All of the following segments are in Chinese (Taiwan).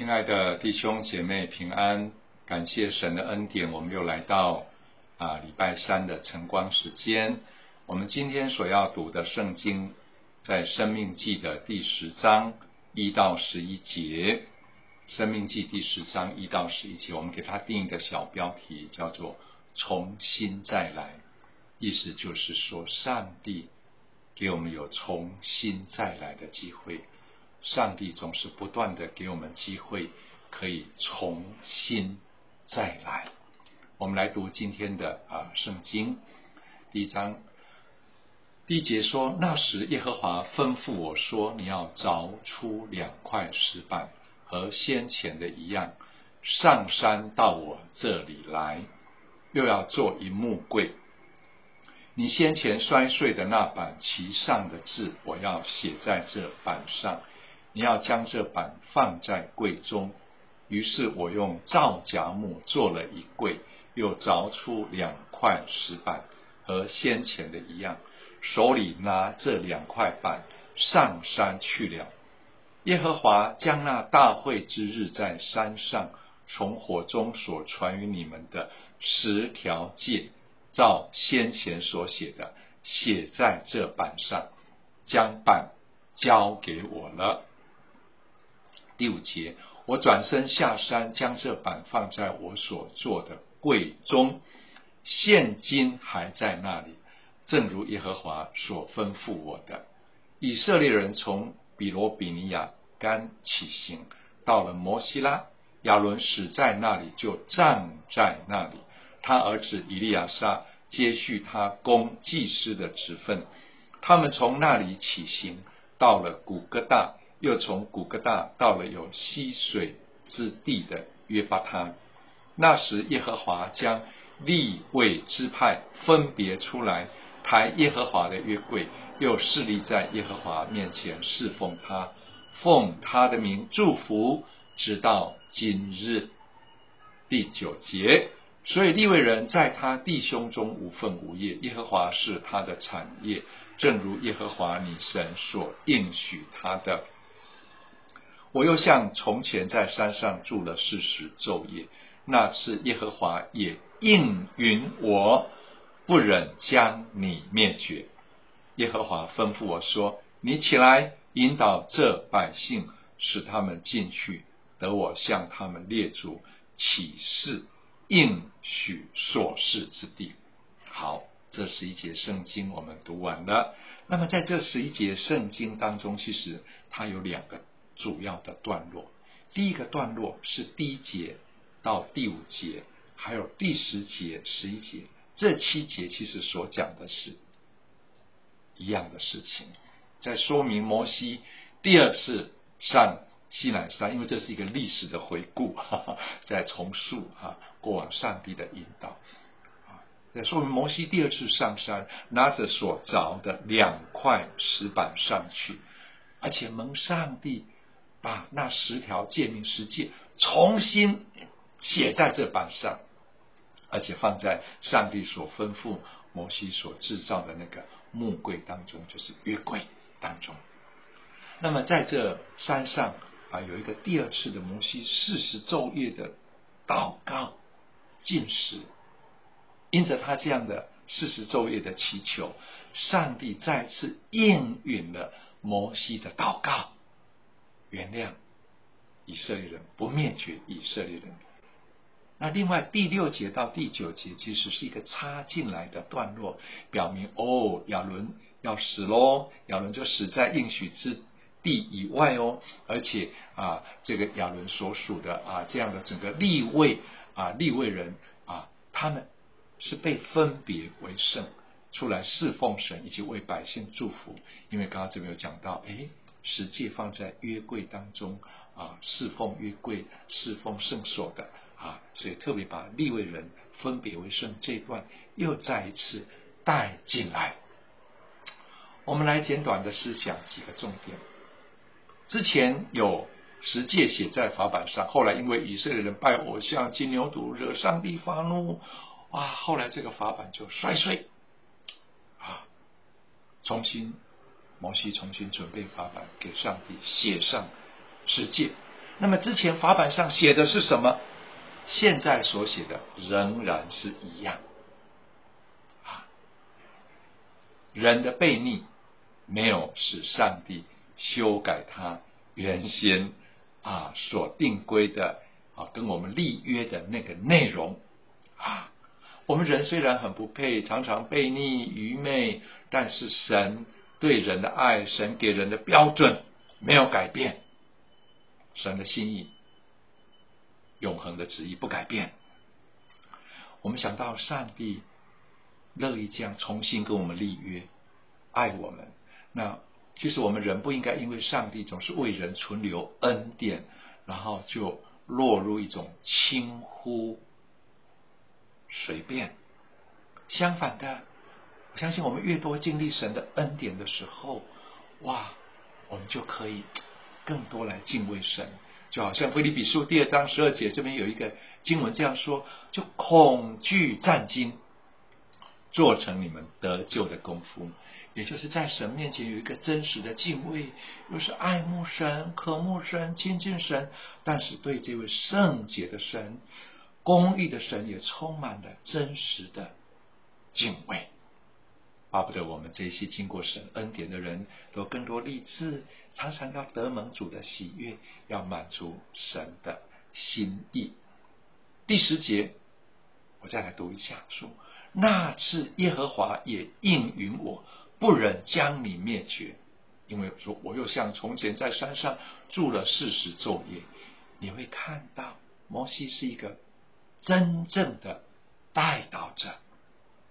親愛的弟兄姐妹，平安！感謝神的恩典，我們又來到啊、呃、禮拜三的晨光時間。我們今天所要讀的聖經，在《申命記》的第十章一到十一節，《申命記》第十章一到十一節，我們給它定一個小標題，叫做“重新再來”。意思就是說，上帝給我們有重新再來的機會。上帝總是不斷的給我們機會，可以重新再來。我們來讀今天的啊聖經第一章第一節說：“那時耶和華吩咐我說，你要鑿出兩塊石板，和先前的一樣，上山到我這裡來，又要做一木櫃。你先前摔碎的那板，其上的字，我要寫在這板上。”你要將這板放在櫃中。於是我用皂莢木做了一櫃，又鑿出兩塊石板，和先前的一樣。手裡拿這兩塊板上山去了。耶和華將那大會之日，在山上從火中所傳與你們的十條誡，照先前所寫的，寫在這板上，將板交給我了。第五節，我轉身下山，將這板放在我所做的櫃中，現今還在那裡，正如耶和華所吩咐我的。以色列人從比羅比尼亞干起行，到了摩西拉，亞倫死在那裡，就葬在那裡，他兒子以利亞撒接續他供祭司的職分。他們從那裡起行，到了谷歌大。又從古格大到了有溪水之地的約巴他。那時，耶和華將利未支派分別出來，抬耶和華的約櫃，又侍立在耶和華面前侍奉他，奉他的名祝福，直到今日。第九節，所以利未人在他弟兄中無分無業，耶和華是他的產業，正如耶和華你神所應許他的。我又像從前在山上住了四十晝夜，那是耶和華也應允我，不忍將你滅絕。耶和華吩咐我說：“你起來，引導這百姓，使他們進去，得我向他們列祖起誓應許所示之地。”好，這十一節聖經我們讀完了。那麼在這十一節聖經當中，其實它有兩個。主要的段落，第一個段落是第一節到第五節，還有第十節、十一節，這七節其實所講的是一樣的事情，在說明摩西第二次上西奈山，因為這是一個歷史的回顧，哈哈，在重述啊過往上帝的引導啊，在說明摩西第二次上山，拿着所鑿的兩塊石板上去，而且蒙上帝，把那十條誡命十誡重新寫在這板上，而且放在上帝所吩咐摩西所制造的那個木櫃當中，就是約櫃當中。那麼在這山上啊，有一個第二次的摩西四十晝夜的禱告、進食，因着他這樣的四十晝夜的祈求，上帝再次應允了摩西的禱告。原諒以色列人，不滅絕以色列人。那另外第六節到第九節，其實是一個插進來的段落，表明哦，亞倫要死嘍，亞倫就死在應許之地以外哦，而且啊，這個亞倫所屬的啊這樣的整個利未啊利未人啊，他們是被分別為聖，出來侍奉神，以及為百姓祝福。因為剛剛這邊有講到，哎。十誡放在約櫃當中啊、呃，侍奉約櫃、侍奉聖所的啊，所以特別把利未人分別為聖這一段又再一次帶進來。我們來簡短的思想幾個重點。之前有十誡寫在法版上，後來因為以色列人拜偶像、金牛犢，惹上帝發怒啊，後來這個法版就摔碎啊，重新。摩西重新準備法版給上帝寫上十誡，那麼之前法版上寫的是什麼？現在所寫的仍然是一樣。啊，人的悖逆沒有使上帝修改他原先啊所定規的啊跟我們立約的那個內容啊。我們人雖然很不配，常常悖逆愚昧，但是神。對人的愛，神給人的標準沒有改變，神的心意、永恆的旨意不改變。我們想到上帝樂意這樣重新跟我們立約，愛我們。那其實我們人不應該因為上帝總是為人存留恩典，然後就落入一種輕忽、隨便。相反的，我相信我們越多經歷神的恩典的時候，哇，我們就可以更多來敬畏神。就好像腓立比書第二章十二節這邊有一個經文這樣說：就恐懼戰兢，做成你們得救的功夫。也就是在神面前有一個真實的敬畏，又是愛慕神、渴慕神、親近神，但是對這位聖潔的神、公義的神，也充滿了真實的敬畏。巴不得我們這些經過神恩典的人都更多立志，常常要得蒙主的喜悅，要滿足神的心意。第十節，我再來讀一下，說：“那次耶和華也應允我，我不忍將你滅絕，因為說我又像從前在山上住了四十晝夜。”你會看到，摩西是一個真正的帶領者。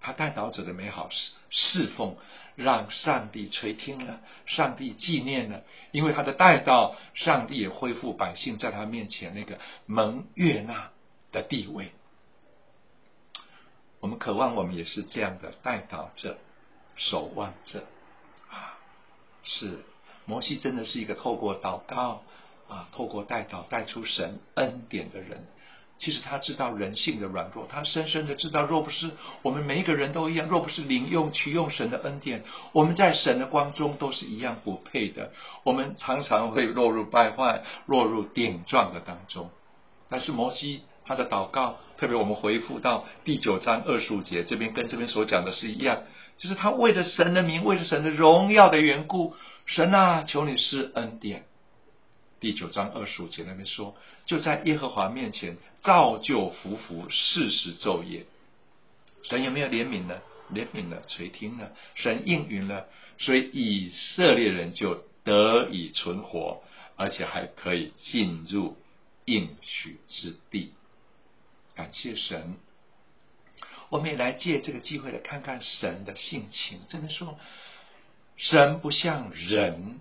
他代禱者的美好侍侍奉，讓上帝垂聽了，上帝紀念了，因為他的代禱，上帝也恢復百姓在他面前那個蒙悅納的地位。我們渴望，我們也是這樣的代禱者、守望者啊！是摩西真的是一個透過禱告啊，透過代禱帶出神恩典的人。其實他知道人性的軟弱，他深深的知道，若不是我們每一個人都一樣，若不是領用取用神的恩典，我們在神的光中都是一樣不配的。我們常常會落入敗壞，落入頂撞的當中。但是摩西他的禱告，特別我們回復到第九章二十五節，這邊跟這邊所講的是一樣，就是他為了神的名，為了神的榮耀的緣故，神啊，求你施恩典。第九章二十五節那邊說，就在耶和華面前照舊俯伏四十晝夜，神有沒有憐憫呢？憐憫了，垂聽了，神應允了，所以以色列人就得以存活，而且還可以進入應許之地。感謝神，我們也來借這個機會來看看神的性情。這邊說，神不像人。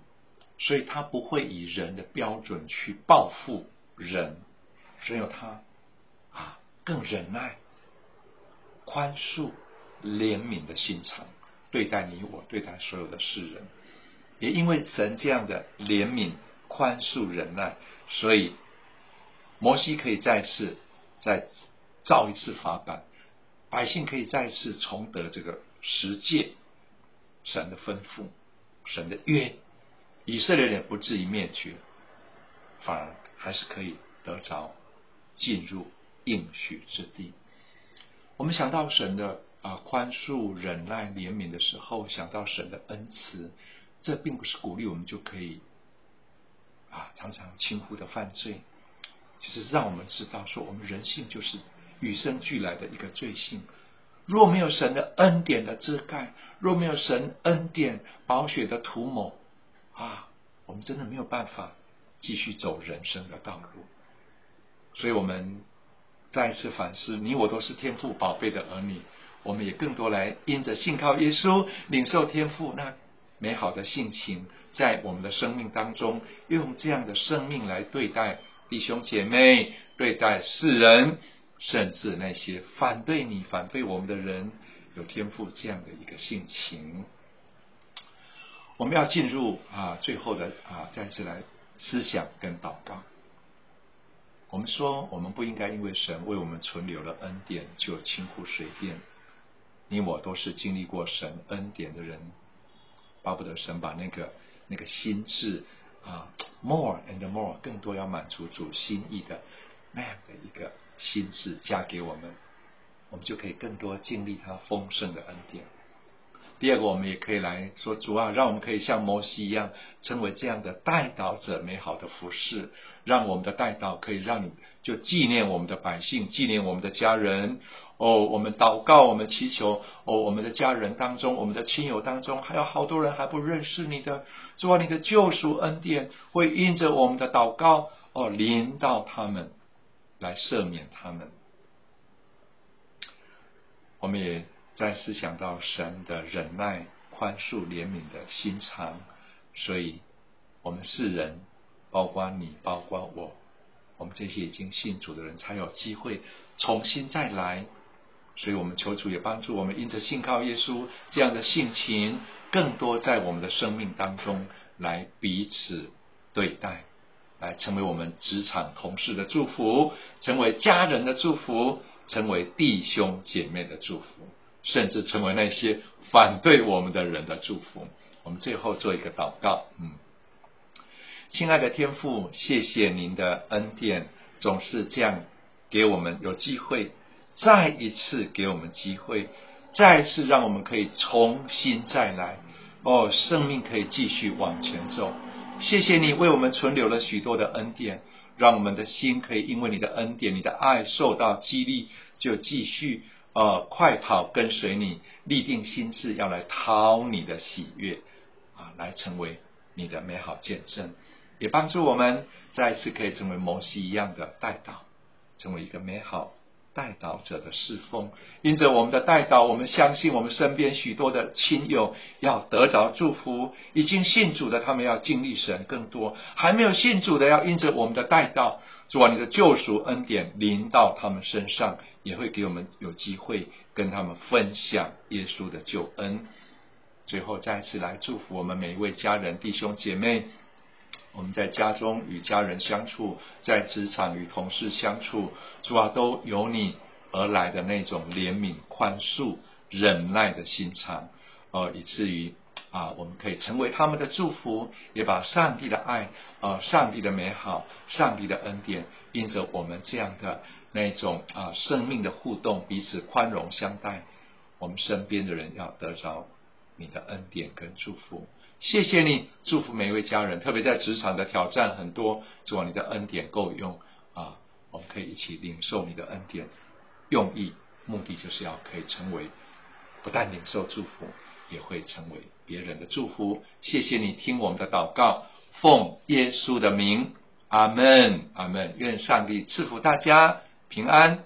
所以他不會以人的標準去報復人，只有他啊更忍耐、寬恕、憐憫的心腸對待你我，對待所有的世人。也因為神這樣的憐憫、寬恕、忍耐，所以摩西可以再次再造一次法版，百姓可以再次重得這個十誡神的吩咐、神的約。以色列人不至於滅絕，反而還是可以得着進入應許之地。我們想到神的啊寬恕、忍耐、憐憫的時候，想到神的恩慈，這並不是鼓勵我們就可以啊常常輕忽的犯罪。其實讓我們知道，說我們人性就是與生俱來的一個罪性。若沒有神的恩典的遮蓋，若沒有神恩典寶血的塗抹。啊，我們真的沒有辦法繼續走人生的道路，所以，我們再一次反思，你我都是天父寶貝的兒女，我們也更多來因着信靠耶穌，領受天父那美好的性情，在我們的生命當中，用這樣的生命來對待弟兄姐妹，對待世人，甚至那些反對你、反對我們的人，有天父這樣的一個性情。我們要進入啊，最後的啊，再次來思想跟禱告。我們說，我們不應該因為神為我們存留了恩典，就輕忽隨便。你我都是經歷過神恩典的人，巴不得神把那個那個心智啊，more and more 更多要滿足主心意的那樣的一個心智加給我們，我們就可以更多經歷他豐盛的恩典。第二個，我們也可以來說主啊，讓我們可以像摩西一樣，成為這樣的代禱者，美好的服事，讓我們的代禱可以讓你就紀念我們的百姓，紀念我們的家人。哦，我們禱告，我們祈求，哦，我們的家人當中，我們的親友當中，還有好多人還不認識你的，主啊，你的救贖恩典會因着我們的禱告，哦，臨到他們，來赦免他們。我們也，再思想到神的忍耐、寬恕、憐憫的心腸，所以，我們世人，包括你，包括我，我們這些已經信主的人，才有機會重新再來。所以，我們求主也幫助我們，因着信靠耶穌這樣的性情，更多在我們的生命當中來彼此對待，來成為我們職場同事的祝福，成為家人的祝福，成為弟兄姐妹的祝福。甚至成為那些反對我們的人的祝福。我們最後做一個禱告，嗯，親愛的天父，謝謝您的恩典，總是這樣給我們有機會，再一次給我們機會，再一次讓我們可以重新再來。哦，生命可以繼續往前走。謝謝你為我們存留了許多的恩典，讓我們的心可以因為你的恩典、你的愛受到激勵，就繼續。呃、哦，快跑，跟隨你，立定心志要來討你的喜悅，啊，來成為你的美好見證，也幫助我們再一次可以成為摩西一樣的代禱，成為一個美好代禱者的侍奉。因着我們的代禱，我們相信我們身邊許多的親友要得着祝福。已經信主的，他們要經歷神更多；還沒有信主的，要因着我們的代禱。主啊，你的救贖恩典臨到他們身上，也會給我們有機會跟他們分享耶穌的救恩。最後，再次來祝福我們每一位家人、弟兄姐妹。我們在家中與家人相處，在職場與同事相處，主啊，都由你而來的那種憐憫、寬恕、忍耐的心腸，呃，以至於。啊，我們可以成為他們的祝福，也把上帝的愛、呃，上帝的美好、上帝的恩典，因着我們這樣的那種啊生命的互動，彼此寬容相待，我們身邊的人要得着你的恩典跟祝福。謝謝你，祝福每一位家人，特別在職場的挑戰很多，只要你的恩典夠用啊！我們可以一起領受你的恩典，用意目的就是要可以成為，不但領受祝福，也會成為。別人的祝福，謝謝你聽我們的禱告，奉耶穌的名，阿門，阿門，願上帝賜福大家平安。